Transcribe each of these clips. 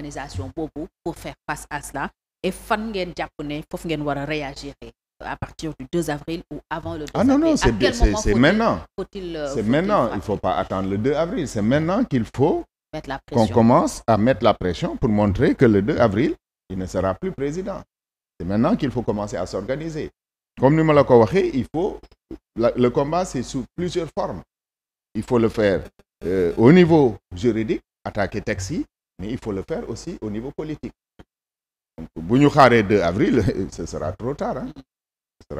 organisation boobu pour faire face à cela et fan ngeen jàpp ne a réagir à partir du avril ou avant le 2 ah avril. c'est maintenant euh, il c'est faut pas attendre le avril c'est maintenant qu'il faut mettre la pression pour montrer que le avril il ne sera plus président c'est maintenant qu'il faut commencer à s'organiser comme ni le combat euh, juridique attaquer texte mais il faut le faire aussi au niveau politique bu ñu xaaree de avril ce sera trop tard hein ce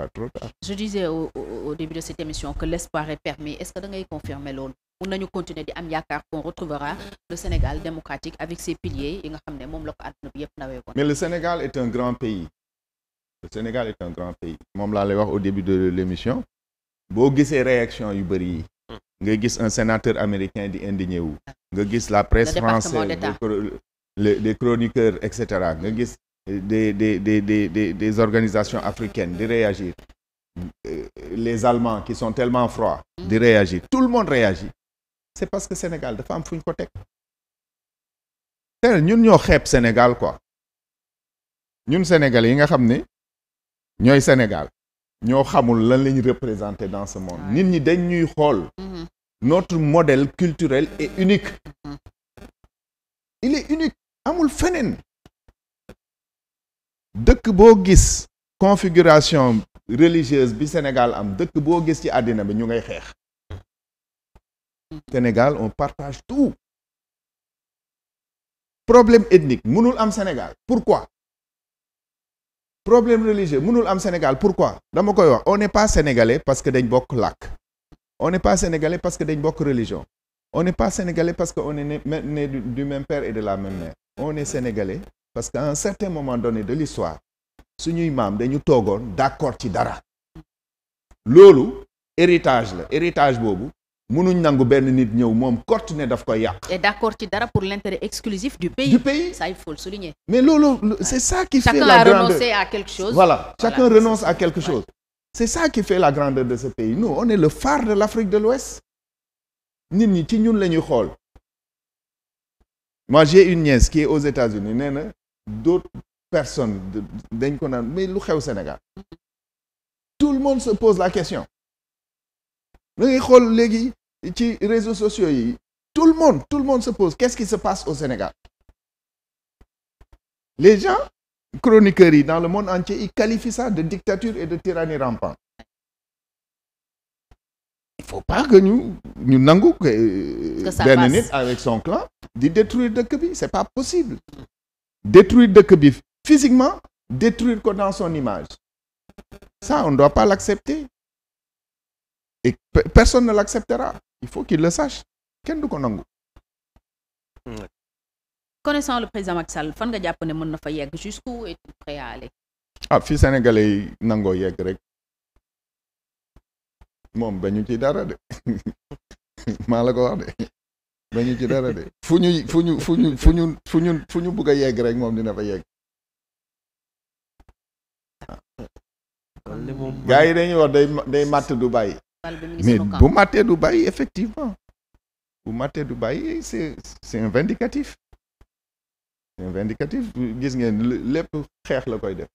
je disais au, au début de cette émission que l'espoir est permis est-ce que da ngay confirmer loolu mun nañu continuer di am yaakaar qu'on retrouvera le Sénégal démocratique avec ses piliers yi nga xam ne moom la ko àdduna bi yëpp nawee ko mais le Sénégal est un grand pays le Sénégal est moom laa lay wax au début de l'émission boo gisee réaction yu bëri yi nga gis un sénateur américain di indigné wu nga gis la presse française des chroniqueurs et cetera nga gis des des des des des organisations africaines di réagir euh, les Allemands qui sont tellement froids di réagir tout le monde réagit c'est parce que Sénégal dafa am fu ñu ko teg te ñun ñoo xeeb Sénégal quoi ñun Sénégal yi nga xam ne ñooy Sénégal ñoo xamul lan la ñu représenté dans ce monde nit ñi dañ ñuy xool mm-hmm. notre modèle culturel est unique mm-hmm. il est unique amul feneen dëkk boo gis configuration religieuse bi Sénégal am dëkk boo gis ci àddina bi ñu ngay xeex mm-hmm. Sénégal on partage tout problème ethnique mënul am Sénégal pourquoi problème religieux mënul am Sénégal pourquoi dama koy wax on n'est pas sénégalais parce que dañ bokk làkk on n'est pas parce que dañ bokk religion on n'est pas sénégalais que on est né, né du, du même père et de la même mère on est sénégalais parce que un certain moment donné de l'histoire suñuy maam dañu toogoon d'accord ci dara loolu héritage la héritage boobu mënuñ nangu benn nit ñëw moom kott ne daf koy yàq. et d'accord ci dara pour l'intérêt exclusif du pays. du pays ça il faut le souligner. mais loolu c'est ça qui fait la grandeur a renoncé à quelque chose. voilà chacun renonce à quelque chose. c'est ça de ce pays nous on est le phare de l'Afrique de l'Ouest nit ñi ci ñun lañuy xool. moi une nièce qui est aux États-Unis nee na d'autres personnes dañ ko naan mais lu xew Sénégal mm-hmm. tout le monde se pose la question. da ngay xool léegi ci réseaux sociaux yi tout le monde tout le monde se pose qu'est-ce qui se passe au Sénégal les gens chroniqueurs yi dans le monde entier ils qualifient ça de dictature et de tyrannie rampante il faut pas que ñu ñu nangu euh, benn nit avec son clan di détruire dëkk bi c'est pas possible détruire dëkk bi physiquement détruire ko dans son image ça on ne doit pas l'accepter et personne ne l'acceptera il faut qu'il le sache kenn du ko nangu. connaissant le président Macky Sall fan nga jàpp ne mën na fa yegg jusqu'où est prêt à aller. ah fii Sénégalais yi nangoo yegg rek moom ba ñu ci dara de maa la ko wax de ba ñu ci dara de fu ñu fu ñu fu ñu fu ñu fu ñu fu ñu bugg a yegg rek moom dina fa yegg. gaa yi dañuy wax day day du bàyyi. mais bu màttee du bàyyi effectivement bu màttee du bàyyi c'est c'est un vindicatif c'est un vindicatif gis ngeen lépp xeex la koy def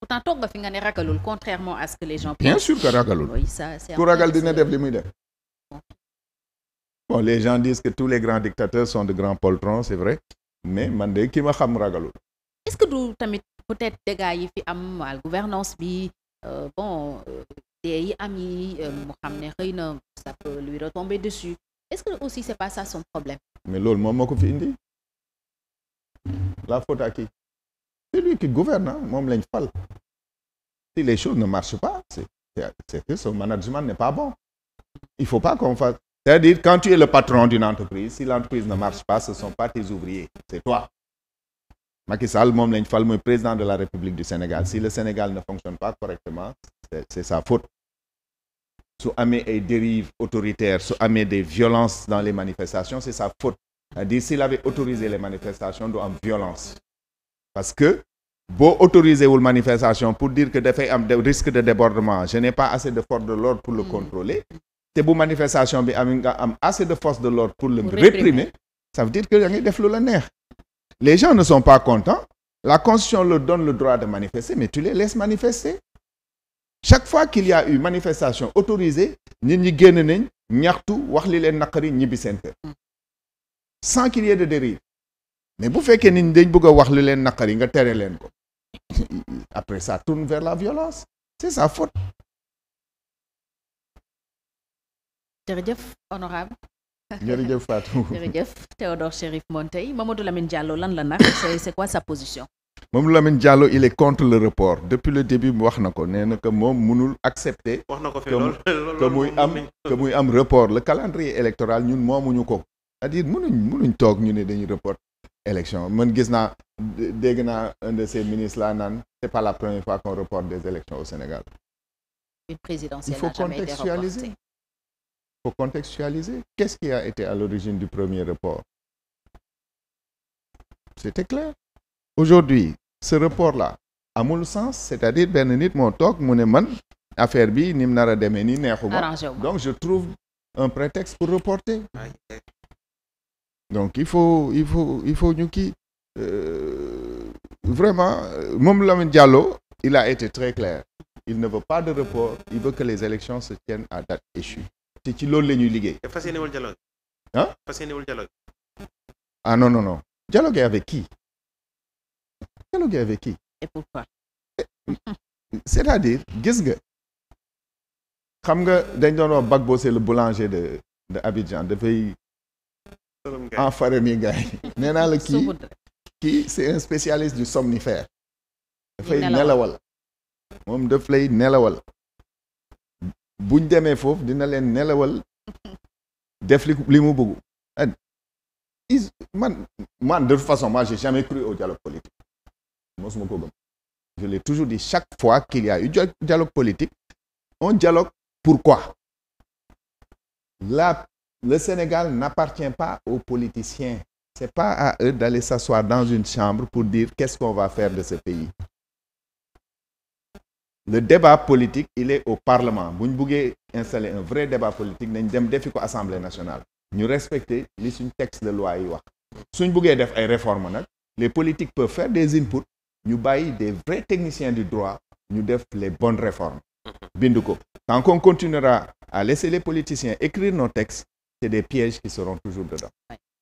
pourtant toog nga fi nga ne ragalul contrairement à ce que les gens bien sûr ragalul ku ragal dina def li muy de bon les gens disent que tous les grands dictateurs sont de grands poltrons c'est vrai mais man de ki ma xam ragalul est-ce que du tamit peut-être dégâts yi fi mal gouvernance bi euh, euh, dee yi am yi ne xëy na ça peut lui retomber dessus est-ce que aussi c'est pas ça son problème mais loolu moom moo ko fi indi la faute à moom lañ fal si les choses ne marchent pas c'est c'est que son management n'est pas bon il faut pas qu'on fasse c'est-à-dire quand tu es le patron d'une entreprise si l'entreprise ne marche pas ce sont pas tes ouvriers c'est toi Macky Sall moom lañ fal mooy président de la République du Sénégal si le Sénégal ne fonctionne pas correctement c'est, c'est sa faute su amee ay dérives autoritaires su amee des violences dans les manifestations c'est sa faute c'est-à-dire s'il avait autorisé les manifestations du am violence parce que boo autorisé wul manifestation pour dire que dafay am risque de débordement je n'ai pas assez de force de l'ordre pour le mm. contrôler te bu manifestation bi am nga am assez de force de l'ordre pour le réprimer ça veut dire que yaa ngi def lu la neex les gens ne sont pas contents la constitution leur donne le droit de manifester mais les laisses chaque fois qu'il u manifestation autorisée nit ñi génn nañ ñaxtu wax li leen naqari ñibbi seen kër mm. de dérive mais bu fekkee nit ñi dañ bëgg a wax li leen naqari nga tere leen ko après ça tourne vers la violence c'est sa faute. jërëjëf honorable jërëjëf Fatou jërëjëf Théodore Chérif Monteil Mamadou Lamine Diallo lan la nag c'est c'est quoi moom Lamine Diallo il est contre le report depuis le début wax na ko nee na moom mënul accepter. wax na ko fi lool que muy am que muy am report le ñun moomuñu ko. c'est-à-dire mënuñ toog ñu ne dañu report élection mën gis naa dégg naa un de ces ministres là naan c'est pas la première fois qu'on reporte des élections au Sénégal. une présidentielle n'a jamais été reportée il faut contextualiser il faut contextualiser qu'est-ce qui a été à l'origine du premier report c'était clair. aujourd'hui ce report là amul sens c'est-à-dire benn nit moo toog mu ne man affaire bi ni mu nar a demee nii neexuma donc je trouve un prétexte pour reporter donc il faut il faut il faut ñu kii euh, vraiment moom Lamine Diallo il a été très clair il ne veut pas de report il veut que les élections se tiennent à date échue te ci loolu la ñuy liggéey. fas yéenewul dialogue. ah fas yéenewul dialogue. ah non non non dialoguer avec qui. dialoguer avec qui et pourquoi eh, eh, cest à gis nga xam nga dañ doon wax Gbagbo c'est le boulanger de de Abidjan dafay enfariner gars yi nee naa la kii kii c'est un spécialiste du somnifère dafay nelawal moom daf lay nelawal buñ demee foofu dina leen nelawal def li mu bëgg man man de toute façon moi j'ai jamais cru au dialogue politique mosuma ko gëm je l'ai toujours dit chaque fois qu'il y a eu dialogue politique on dialogue pourquoi la le Sénégal n'appartient pas aux politiciens c'est pas à eux d'aller s'asseoir dans une chambre pour dire qu'est-ce qu'on va faire de ce pays le débat politique il est au parlement bu ñu buggee installer un vrai débat politique nañ dem defi ko assemblée nationale ñu respecter li suñ texte de loi yi wax suñ buggee def ay nag les ñu bàyyi des vrais techniciens du droit ñu def les bonnes réformes mm-hmm. bind ko tant qu'on continuera à laisser les politiciens écrire nos textes c'est des pièges qui seront toujours dedans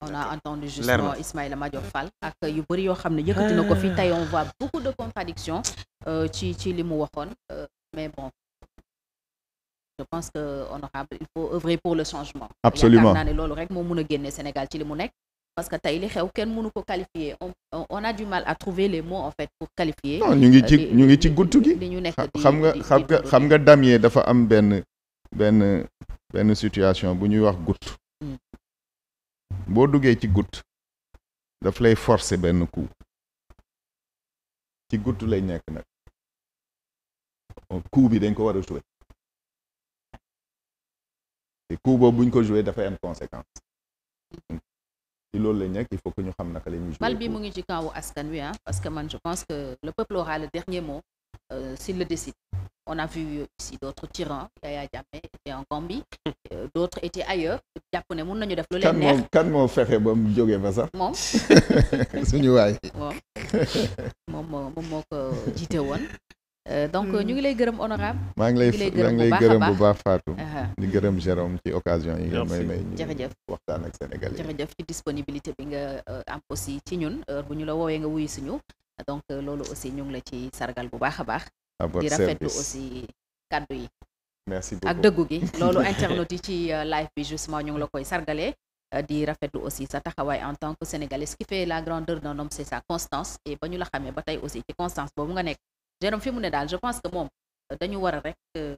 on a entendu justement Ismaïla Madior Fall ak yu bëri yoo xam ne yëkkati na ko fi ah. tey on voit beaucoup de contradictions euh, ci ci li mu waxoon euh, mais bon je pense que honorable il faut œuvrer pour le changement absolument yaakaar naa loolu rek moo mun a génne Sénégal ci li mu nekk parce que tey li xew kenn mënu ko qualifier on on a du mal à trouver les mots en non ñu ngi ci euh, ñu ngi ci gutt gi li ñu nekk xam nga xam nga xam nga damier dafa am benn benn benn situation bu ñuy wax gutt. Hmm. boo duggee ci gutt daf lay forcer benn coup ci gutt lay nekk nag coup bi dañ ko war a jouer te coup boobu buñ ko jouer dafay am conséquence. ci loolu lañ nekk il faut que ñu xam naka la ñuy jouer bi mu ngi ci kawu askan wi ah, parce que man je pense que le peuple aura le dernier mot euh, s'il le décide on a vu ici d'autres tyrans Yaya Jammeh était en Gambie euh, d'autres étaient ailleurs jàpp ne mun nañu def lu leen neex kan moo fexe ba mu jógee fa sax moom suñu waay moom moom moo ko jiite woon Euh, donc hmm. ñu ngi lay gërëm honorable hmm. maa ngi lay maa ngi gërëm bu baax Fatou di gërëm Jérôme ci occasion yi nga may may jërëjëf waxtaan ak Sénégalais ci disponibilité bi nga euh, am aussi ci ñun bu ñu la woowee nga wuyu suñu donc euh, loolu aussi ñu ngi la ci sargal bu baax a baax di rafetlu aussi kàddu yi merci beaucoup ak dëggu gi loolu internet yi ci live bi justement ñu ngi la koy sargalee di rafetlu aussi sa taxawaay en tant que sénégalais ce qui fait la grandeur d'un homme c'est sa constance et ba ñu la xamee ba tey aussi ci constance boobu nga nekk Jérôme fi mu ne daal je pense que moom dañu war a rek euh,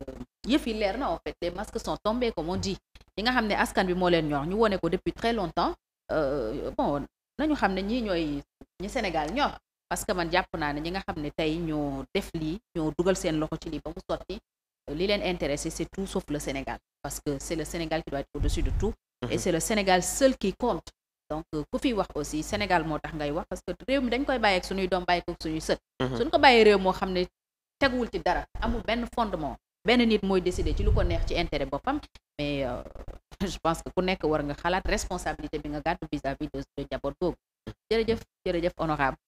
yëf yi leer na en fait les masques sont tombés comme on dit ñi nga xam ne askan bi moo leen ñor ñu wone ko depuis très longtemps euh, nañu xam ne ñii ñooy ñi Sénégal ñor parce que man jàpp naa ne ñi nga xam ne tey ñoo def lii ñoo dugal seen loxo ci lii ba mu sotti li leen intéressé c'est tout sauf le Sénégal parce que c'est le Sénégal qui doit être au-dessus de tout et mhm. c'est le Sénégal seul qui compte donc euh, ku fi wax aussi Sénégal moo tax ngay wax parce que réew mi dañ koy bàyyi ak suñuy doom bàyyi ko suñuy sët mhm. suñ ko bàyyi réew moo xam ne teguwul ci dara amul benn fondement benn nit mooy décider ci lu ko neex ci intérêt boppam mais euh, je pense que ku nekk war nga xalaat responsabilité bi nga gàddu vis-à-vis de de boobu mhm. jërëjëf jërëjëf honorable